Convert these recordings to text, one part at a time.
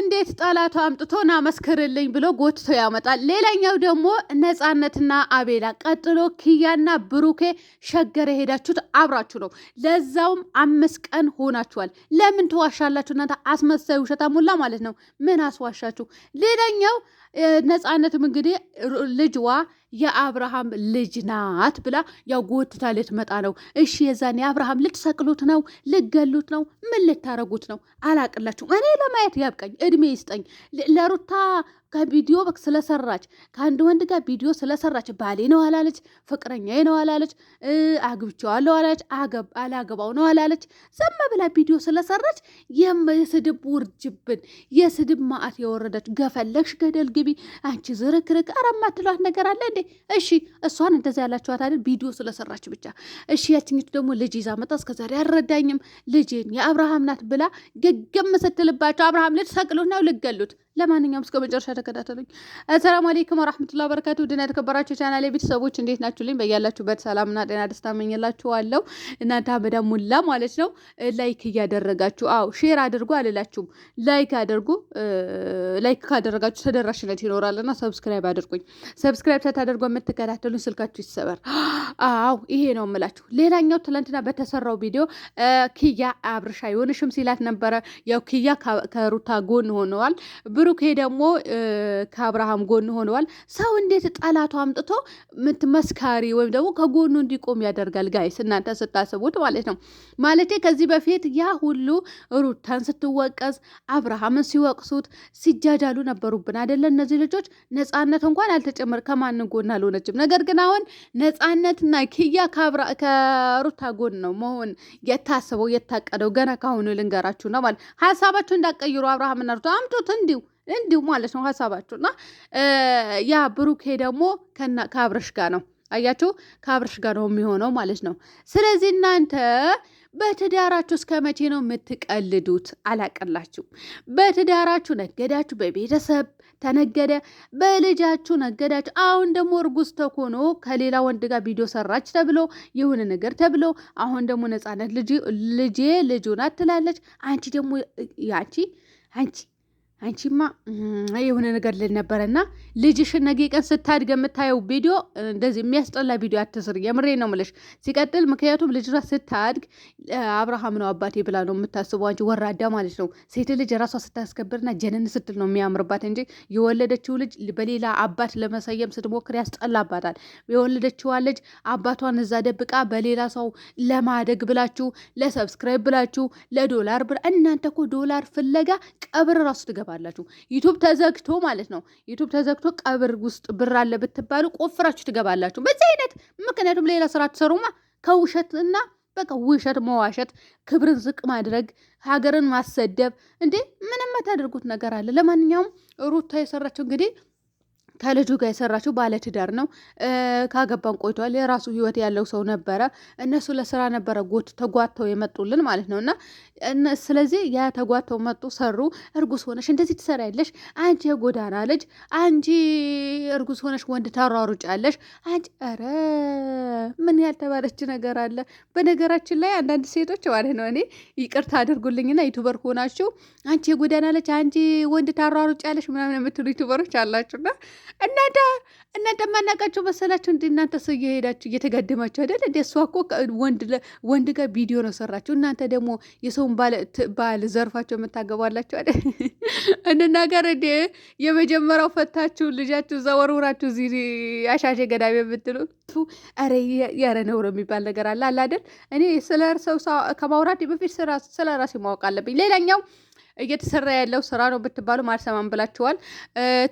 እንዴት ጠላቱ አምጥቶ ና ብሎ ጎትቶ ያመጣል። ሌላኛው ደግሞ ነፃነትና አቤላ ቀጥሎ ኪያና ብሩኬ ሸገር የሄዳችሁት አብራችሁ ነው። ለዛውም አምስት ቀን ሆናችኋል። ለምን ትዋሻላችሁ እናንተ አስመሳይ ውሸታ ሞላ ማለት ነው። ምን አስዋሻችሁ? ሌላኛው ነፃነትም እንግዲህ ልጅዋ የአብርሃም ልጅ ናት ብላ ያው ጎትታ ልትመጣ ነው። እሺ የዛን የአብርሃም ልትሰቅሉት ነው? ልገሉት ነው? ምን ልታረጉት ነው? አላቅላችሁም። እኔ ለማየት ያብቃኝ፣ እድሜ ይስጠኝ ለሩታ ከቪዲዮ ቪዲዮ ስለሰራች ከአንድ ወንድ ጋር ቪዲዮ ስለሰራች ባሌ ነው አላለች፣ ፍቅረኛዬ ነው አላለች፣ አግብቼዋለሁ አላለች፣ አላገባው ነው አላለች። ዝም ብላ ቪዲዮ ስለሰራች የስድብ ውርጅብን የስድብ ማዕት የወረደች ገፈለግሽ ገደል ግቢ አንቺ ዝርክርክ አረማትሏት ነገር አለ እንዴ? እሺ እሷን እንደዛ ያላችኋት አይደል? ቪዲዮ ስለሰራች ብቻ እሺ። ያችኝቱ ደግሞ ልጅ ይዛ መጣ እስከዛሬ አልረዳኝም ልጅን የአብርሃም ናት ብላ ገገም ስትልባቸው አብርሃም ልጅ ሰቅሉት ነው ልገሉት ለማንኛውም እስከ መጨረሻ ተከታተሉኝ። አሰላሙ አሌይኩም ወራህመቱላ በረካቱ ድና የተከበራችሁ ቻናል ቤተሰቦች እንዴት ናችሁ? ልኝ በያላችሁበት ሰላምና ጤና ደስታ መኝላችኋለሁ። እናንተ አበዳ ሙላ ማለት ነው። ላይክ እያደረጋችሁ አው ሼር አድርጉ አልላችሁም፣ ላይክ አድርጉ። ላይክ ካደረጋችሁ ተደራሽነት ይኖራልና ሰብስክራይብ አድርጉኝ። ሰብስክራይብ ሳታደርጉ የምትከታተሉ ስልካችሁ ይሰበር። አው ይሄ ነው የምላችሁ። ሌላኛው ትናንትና በተሰራው ቪዲዮ ኪያ አብርሻ አይሆንሽም ሲላት ነበረ። ያው ኪያ ከሩታ ጎን ሆነዋል ብሩ ብሩኬ ደግሞ ከአብርሃም ጎን ሆነዋል። ሰው እንዴት ጠላቱ አምጥቶ መስካሪ ወይም ደግሞ ከጎኑ እንዲቆም ያደርጋል? ጋይስ እናንተ ስታስቡት ማለት ነው። ማለት ከዚህ በፊት ያ ሁሉ ሩታን ስትወቀስ አብርሃምን ሲወቅሱት ሲጃጃሉ ነበሩብን አይደለ? እነዚህ ልጆች ነፃነት እንኳን አልተጨመር ከማን ጎን አልሆነችም። ነገር ግን አሁን ነፃነትና ክያ ከሩታ ጎን ነው መሆን የታሰበው የታቀደው። ገና ካሁኑ ልንገራችሁ ነው ማለት ሀሳባችሁ እንዳቀይሩ አብርሃምና ሩታ አምጡት እንዲሁ እንዲሁ ማለት ነው ሀሳባችሁ። እና ያ ብሩኬ ደግሞ ከአብረሽ ጋር ነው አያችሁ ከአብረሽ ጋር ነው የሚሆነው ማለት ነው። ስለዚህ እናንተ በትዳራችሁ እስከ መቼ ነው የምትቀልዱት? አላቀላችሁ። በትዳራችሁ ነገዳችሁ፣ በቤተሰብ ተነገደ፣ በልጃችሁ ነገዳችሁ። አሁን ደግሞ እርጉዝ ተኮኖ ከሌላ ወንድ ጋር ቪዲዮ ሰራች ተብሎ የሆነ ነገር ተብሎ አሁን ደግሞ ነፃነት ልጄ ልጁ ናት ትላለች። አንቺ ደግሞ አንቺ አንቺ አንቺማ የሆነ ነገር ልል ነበረና ልጅሽን ነገ ቀን ስታድግ የምታየው ቪዲዮ እንደዚህ የሚያስጠላ ቪዲዮ አትስር። የምሬ ነው ምልሽ። ሲቀጥል ምክንያቱም ልጅ ስታድግ አብርሃም ነው አባቴ ብላ ነው የምታስበው። አንቺ ወራዳ ማለት ነው። ሴት ልጅ ራሷ ስታስከብርና ጀነን ስትል ነው የሚያምርባት እንጂ የወለደችው ልጅ በሌላ አባት ለመሰየም ስትሞክር ያስጠላባታል። የወለደችዋ ልጅ አባቷን እዛ ደብቃ በሌላ ሰው ለማደግ ብላችሁ ለሰብስክራይብ ብላችሁ ለዶላር ብላ እናንተ እኮ ዶላር ፍለጋ ቀብር ራሱ ትገባ ትገባላችሁ። ዩቱብ ተዘግቶ ማለት ነው። ዩቱብ ተዘግቶ ቀብር ውስጥ ብር አለ ብትባሉ ቆፍራችሁ ትገባላችሁ። በዚህ አይነት ምክንያቱም ሌላ ስራ ትሰሩማ ከውሸትና በቃ ውሸት መዋሸት፣ ክብርን ዝቅ ማድረግ፣ ሀገርን ማሰደብ እንዴ ምንም የምታደርጉት ነገር አለ። ለማንኛውም ሩታ የሰራችው እንግዲህ ከልጁ ጋር የሰራችው ባለትዳር ነው። ካገባን ቆይተዋል። የራሱ ህይወት ያለው ሰው ነበረ። እነሱ ለስራ ነበረ ጎት ተጓተው የመጡልን ማለት ነው። እና ስለዚህ ያ ተጓተው መጡ፣ ሰሩ። እርጉዝ ሆነሽ እንደዚህ ትሰራ ያለሽ አንቺ የጎዳና ልጅ አንቺ፣ እርጉዝ ሆነሽ ወንድ ታሯሩጫለሽ አንቺ። ኧረ ምን ያልተባለች ነገር አለ። በነገራችን ላይ አንዳንድ ሴቶች ማለት ነው እኔ ይቅርታ አድርጉልኝና ዩቱበር ሆናችሁ አንቺ የጎዳና ልጅ አንቺ ወንድ ታሯሩጫለሽ ምናምን የምትሉ ዩቱበሮች አላችሁና እናንተ እናንተ ማናቃቸው መሰላቸው እንደ እናንተ ሰው እየሄዳችሁ እየተጋደማችሁ አይደል? እንደ እሷ እኮ ወንድ ጋር ቪዲዮ ነው ሰራችሁ። እናንተ ደግሞ የሰውን ባል ዘርፋቸው የምታገባላችሁ አይደል? እንናገር እንደ የመጀመሪያው ፈታችሁ ልጃችሁ ዘወርውራችሁ ወርውራችሁ እዚህ አሻሼ ገዳሜ የምትሉ ኧረ ያረ ነውሮ የሚባል ነገር አለ አይደል? እኔ ስለ ሰው ከማውራት በፊት ስለ ራሴ ማወቅ አለብኝ። ሌላኛው እየተሰራ ያለው ስራ ነው ብትባሉ አልሰማም ብላችኋል።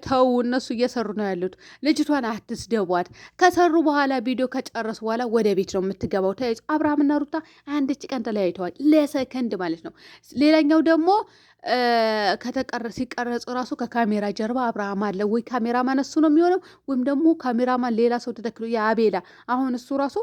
ተው እነሱ እየሰሩ ነው ያሉት። ልጅቷን አትስደቧት። ከሰሩ በኋላ ቪዲዮ ከጨረሱ በኋላ ወደ ቤት ነው የምትገባው። አብርሃምና ሩታ አንድ ቀን ተለያይተዋል፣ ለሰከንድ ማለት ነው። ሌላኛው ደግሞ ከተቀረ ሲቀረጽ ራሱ ከካሜራ ጀርባ አብርሃም አለ ወይ ካሜራማን እሱ ነው የሚሆነው፣ ወይም ደግሞ ካሜራማን ሌላ ሰው ተተክሎ የአቤላ አሁን እሱ ራሱ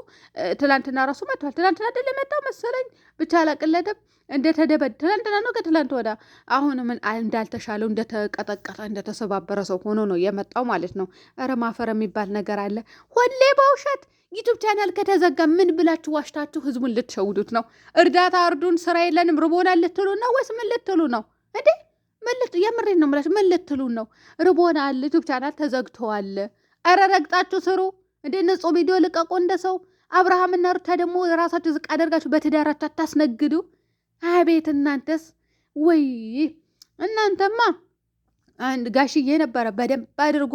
ትላንትና ራሱ መጥቷል። ትላንትና አይደል መጣ መሰለኝ ብቻ አላቅለደም እንደተደበድ ትላንትና ነው ከትላንት ወዳ አሁን ምን እንዳልተሻለው እንደተቀጠቀጠ እንደተሰባበረ ሰው ሆኖ ነው የመጣው ማለት ነው። ኧረ የሚባል ነገር አለ ሁሌ በውሸት ዩቱብ ቻናል ከተዘጋ ምን ብላችሁ ዋሽታችሁ ህዝቡን ልትሸውዱት ነው? እርዳታ እርዱን፣ ስራ የለንም፣ ርቦናል ልትሉ ነው ወይስ ምን ልትሉ ነው እንዴ? የምሬን ነው የምላችሁ። ምን ልትሉ ነው? ርቦናል፣ ዩቱብ ቻናል ተዘግተዋል። አረ ረግጣችሁ ስሩ እንዴ! ንጹህ ቪዲዮ ልቀቁ እንደ ሰው። አብርሃምና ሩታ ደግሞ ራሳችሁ ዝቅ አደርጋችሁ በትዳራችሁ አታስነግዱ። አቤት እናንተስ! ወይ እናንተማ አንድ ጋሽዬ ነበረ በደንብ አድርጎ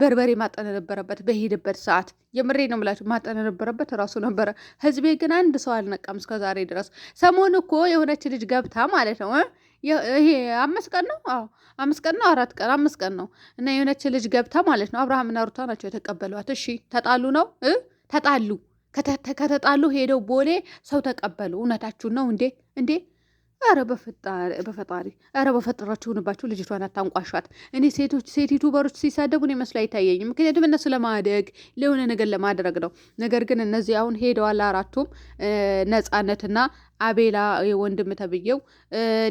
በርበሬ ማጠን ነበረበት። በሄድበት ሰዓት የምሬ ነው የምላችሁ ማጠን ነበረበት ራሱ ነበረ። ህዝቤ ግን አንድ ሰው አልነቃም ዛሬ ድረስ። ሰሞኑ እኮ የሆነች ልጅ ገብታ ማለት ነው ይሄ አምስት ቀን ነው። አዎ አምስት ቀን ነው፣ አራት ቀን አምስት ቀን ነው። እና የሆነች ልጅ ገብታ ማለት ነው አብርሃምና ሩታ ናቸው የተቀበሏት። እሺ ተጣሉ ነው ተጣሉ። ከተጣሉ ሄደው ቦሌ ሰው ተቀበሉ። እውነታችሁን ነው እንዴ እንዴ? ኧረ በፈጣሪ ኧረ በፈጠራችሁ ሆንባችሁ ልጅቷን አታንቋሿት። እኔ ሴቶች ሴት ዩቱበሮች ሲሳደቡ እኔ መስሎ አይታየኝም። ምክንያቱም እነሱ ለማደግ ለሆነ ነገር ለማድረግ ነው። ነገር ግን እነዚህ አሁን ሄደዋል አራቱም ነጻነትና አቤላ ወንድም ተብዬው፣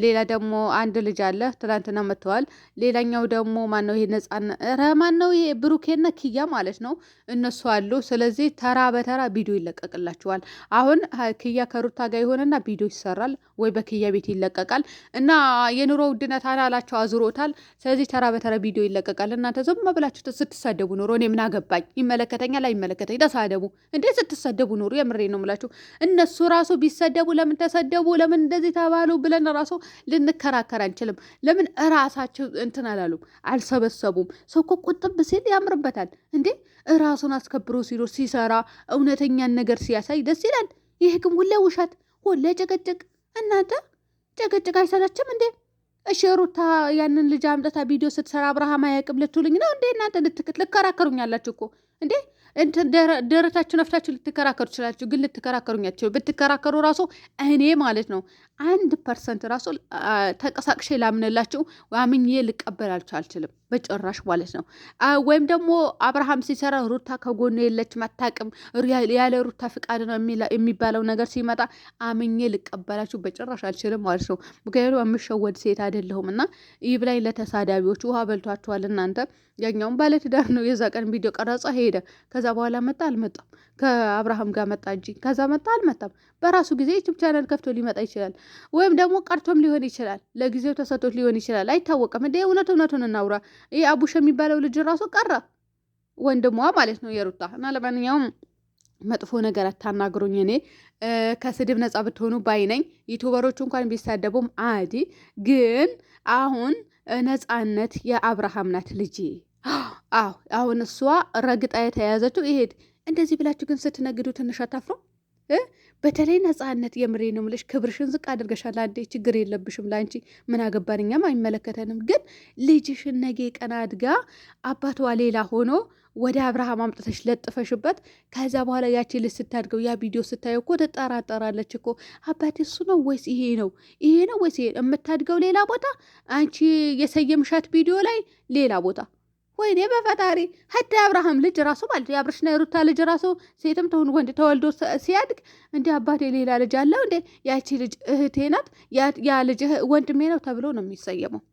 ሌላ ደግሞ አንድ ልጅ አለ ትላንትና መጥተዋል። ሌላኛው ደግሞ ማነው ይሄ ነጻ ኧረ ማነው ይሄ ብሩኬና ክያ ማለት ነው እነሱ አሉ። ስለዚህ ተራ በተራ ቪዲዮ ይለቀቅላቸዋል። አሁን ክያ ከሩታ ጋር የሆነና ቪዲዮ ይሰራል ወይ በክያ ቤት ይለቀቃል እና የኑሮ ውድነት አላላቸው አዙሮታል። ስለዚህ ተራ በተራ ቪዲዮ ይለቀቃል። እናንተ ዝም ብላችሁ ስትሳደቡ ኑሮ እኔ ምን አገባኝ? ይመለከተኛል አይመለከተኝ ተሳደቡ እንዴ ስትሳደቡ ኑሮ የምሬ ነው የምላችሁ እነሱ ራሱ ቢሰደቡ ለምን ለምን ተሰደቡ፣ ለምን እንደዚህ ተባሉ ብለን ራሱ ልንከራከር አንችልም። ለምን እራሳቸው እንትን አላሉም፣ አልሰበሰቡም። ሰው እኮ ቁጥብ ሲል ያምርበታል እንዴ! እራሱን አስከብሮ ሲኖር ሲሰራ፣ እውነተኛን ነገር ሲያሳይ ደስ ይላል። ይሄ ግን ሁሌ ውሸት፣ ሁሌ ጭቅጭቅ። እናንተ ጭቅጭቅ አይሰለችም እንዴ? እሺ ሩታ ያንን ልጅ አምጠታ ቪዲዮ ስትሰራ አብርሃም አያውቅም ልትሉኝ ነው እንዴ? እናንተ ልከራከሩኛላችሁ እኮ እንዴ! ደረታችሁን ነፍታችሁ ልትከራከሩ ትችላችሁ፣ ግን ልትከራከሩኛችሁ ብትከራከሩ ራሱ እኔ ማለት ነው አንድ ፐርሰንት ራሱ ተንቀሳቅሼ ላምንላችሁ አምኜ ልቀበላችሁ አልችልም። በጭራሽ ማለት ነው። ወይም ደግሞ አብርሃም ሲሰራ ሩታ ከጎኑ የለችም አታውቅም፣ ያለ ሩታ ፍቃድ ነው የሚባለው ነገር ሲመጣ አምኜ ልቀበላችሁ በጭራሽ አልችልም ማለት ነው። ምክንያቱም የምሸወድ ሴት አይደለሁም እና ይህ ብላይ ለተሳዳቢዎች ውሃ በልቷችኋል እናንተ። ያኛውም ባለትዳር ነው። የዛ ቀን ቪዲዮ ቀረጻ ሄደ። ከዛ በኋላ መጣ አልመጣም ከአብርሃም ጋር መጣ እንጂ ከዛ መጣ አልመጣም። በራሱ ጊዜ ዩቱብ ቻናል ከፍቶ ሊመጣ ይችላል፣ ወይም ደግሞ ቀርቶም ሊሆን ይችላል። ለጊዜው ተሰቶት ሊሆን ይችላል፣ አይታወቅም። እንደ እውነት እውነቱን እናውራ። ይህ አቡሽ የሚባለው ልጅ ራሱ ቀረ፣ ወንድሟ ማለት ነው የሩታ እና ለማንኛውም መጥፎ ነገር አታናግሩኝ። እኔ ከስድብ ነጻ ብትሆኑ ባይነኝ። ዩቱበሮቹ እንኳን ቢሳደቡም አዲ ግን አሁን ነጻነት የአብርሃም ናት ልጅ። አዎ አሁን እሷ ረግጣ የተያያዘችው ይሄድ እንደዚህ ብላችሁ ግን ስትነግዱ ትንሽ አታፍሮ? በተለይ ነፃነት፣ የምሬ ነው የምልሽ፣ ክብርሽን ዝቅ አድርገሻል። አንዴ ችግር የለብሽም ለአንቺ ምን አገባን፣ እኛም አይመለከተንም። ግን ልጅሽን ነገ ቀና አድጋ አባቷ ሌላ ሆኖ ወደ አብርሃም አምጥተሽ ለጥፈሽበት፣ ከዛ በኋላ ያቺ ልጅ ስታድገው ያ ቪዲዮ ስታየው እኮ ትጠራጠራለች እኮ አባቴ እሱ ነው ወይስ ይሄ ነው ይሄ ነው ወይስ ይሄ የምታድገው ሌላ ቦታ፣ አንቺ የሰየምሻት ቪዲዮ ላይ ሌላ ቦታ ወይኔ በፈጣሪ ሀዳ አብርሃም ልጅ ራሱ ማለት የአብርሽና የሩታ ልጅ ራሱ ሴትም ትሁን ወንድ ተወልዶ ሲያድግ እንዲህ አባቴ ሌላ ልጅ አለው እንዴ ያቺ ልጅ እህቴ ናት ያ ልጅ ወንድሜ ነው ተብሎ ነው የሚሰየመው።